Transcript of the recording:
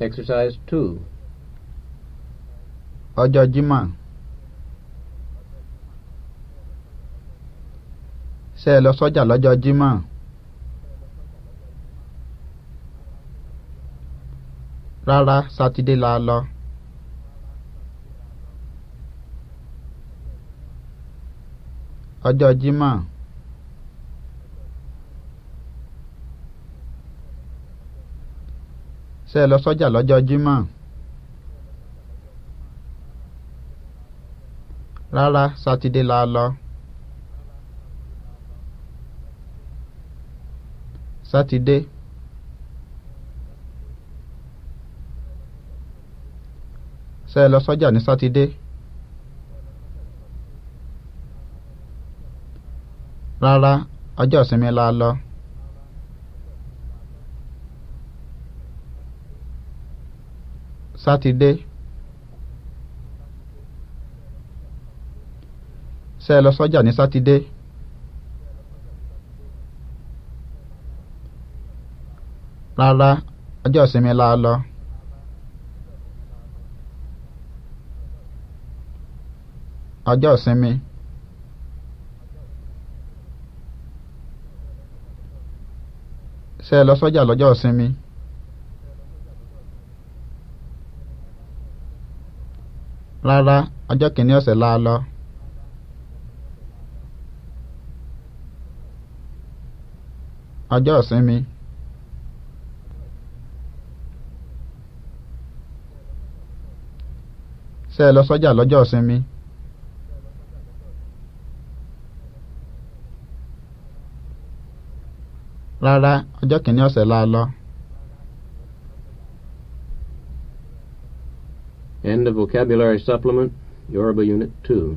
Exercise 2. Ọjọ́ Jímọ̀. Ṣé soja, lọ sọ́jà lọ́jọ́ Jímọ̀? Rárá, Sátidé la lọ. Ọjọ́ Jímọ̀. ṣé ẹ lọ sọ́jà lọ́jọ́ jímọ̀ rárá sátidé la lọ sátidé ṣé ẹ lọ sọ́jà ní sátidé rárá ọjọ́ ìsinmi la lọ. sátidé ṣé ẹ lọ sọ́jà ní sátidé rárá ọjọ́ ìsinmi la lọ. ọjọ́ ìsinmi ṣé lọ sọ́jà lọ́jọ́ ìsinmi. rárá ọjọ́ kìíní ọ̀sẹ̀ la lọ. ọjọ́ ìsinmi. ṣé ẹ lọ sọ́jà lọ́jọ́ ìsinmi. rárá ọjọ́ kìíní ọ̀sẹ̀ la lọ. End of vocabulary supplement, Yoruba Unit 2.